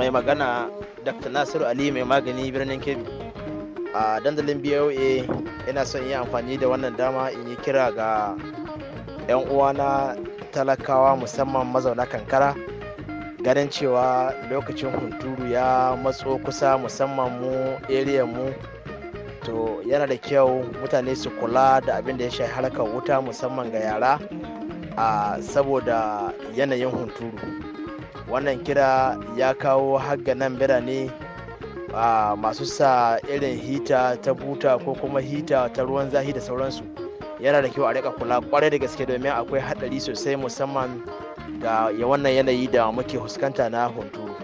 mai magana dr nasiru ali mai magani birnin kebbi a dandalin boa yana son yi amfani da wannan dama in yi kira ga 'yan uwana talakawa musamman mazauna kankara ganin cewa lokacin hunturu ya matso kusa musamman mu area mu to yana da kyau mutane su kula da abin da ya shafi harkar wuta musamman ga yara a saboda yanayin hunturu wannan kira ya kawo hagga nan birane a masu sa irin hita ta buta ko kuma hita ta ruwan zahi da sauransu yana da kyau a rika kula kwarai da gaske domin akwai hadari sosai musamman ga wannan yanayi da muke huskanta na hunturu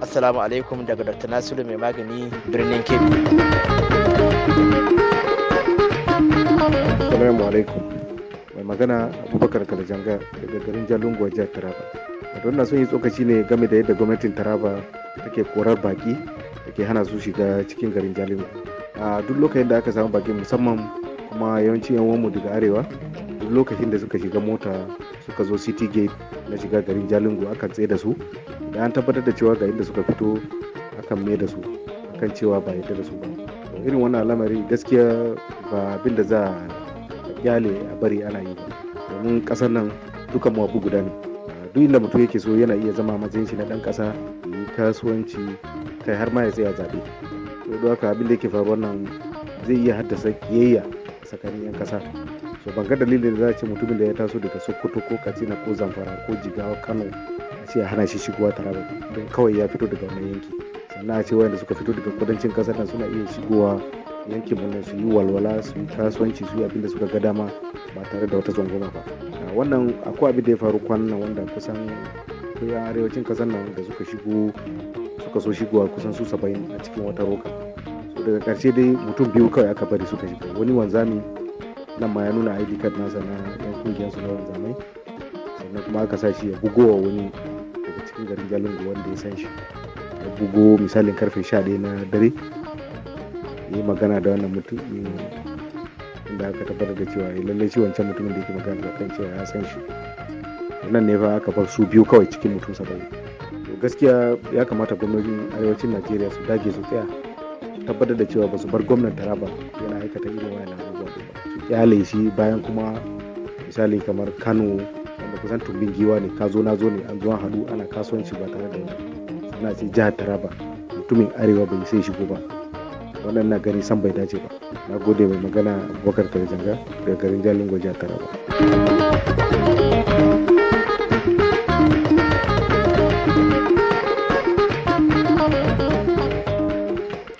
assalamu alaikum daga dr nasiru mai magani birnin kebbi mai magana abubakar kalajanga daga garin jalungo jihar taraba wato wannan son yi tsokaci ne game da yadda gwamnatin taraba take korar baki da ke hana su shiga cikin garin Jalingu a duk lokacin da aka samu baki musamman kuma yawanci yan mu daga arewa duk lokacin da suka shiga mota suka zo city gate na shiga garin Jalingu akan tsaye da su da an tabbatar da cewa ga inda suka fito akan mai da su akan cewa ba yadda da su ba irin wannan al'amari gaskiya ba abinda za a kyale a bari ana yi ba domin ƙasar nan dukan mu abu guda ne duk inda mutum yake so yana iya zama matsayin shi na kasa ƙasa yi kasuwanci kai har ma ya tsaya zaɓe to don haka abin da yake faruwa nan zai iya haddasa kiyayya tsakanin 'yan kasa so ban ga dalilin da za a ce mutumin da ya taso daga sokoto ko katsina ko zamfara ko jigawa kano a ce a hana shi shigowa taraba don kawai ya fito daga wani yanki sannan a ce wayanda suka fito daga kudancin kasar nan suna iya shigowa yankin mu su yi walwala su yi kasuwanci su yi abinda da suka ga dama ba tare da wata tsangwama ba ah, wannan akwai abin da ya faru kwanan wanda kusan ya arewacin kasar nan da suka shigo suka so shigowa kusan su saba'in a cikin wata roka daga karshe dai mutum biyu kawai aka bari suka shiga wani wanzami nan ma ya nuna id card nasa na yan kungiyar su na wanzamai sannan kuma aka sa shi ya bugowa wani daga cikin garin jalingo wanda ya san shi ya bugo misalin karfe 11 na dare yi magana da wannan mutum inda eh, aka tabbatar da cewa eh, lallai shi wancan mutumin da yake magana da kan cewa ya san shi Wannan ne fa aka bar su biyu kawai cikin mutum saba'in to gaskiya ya kamata gwamnonin arewacin najeriya su dage su tsaya tabbatar da cewa ba su bar gwamnan taraba yana aikata irin wayan abubuwa ba su kyale shi bayan kuma misali kamar kano wanda kusan tumbin giwa ne ka zo na zo ne an zuwa hadu ana kasuwanci ba tare da wani ana ce jihar taraba mutumin arewa bai sai shigo ba wannan na gani san bai dace ba na gode mai magana abubakar tarjanga daga garin jalingo jihar taraba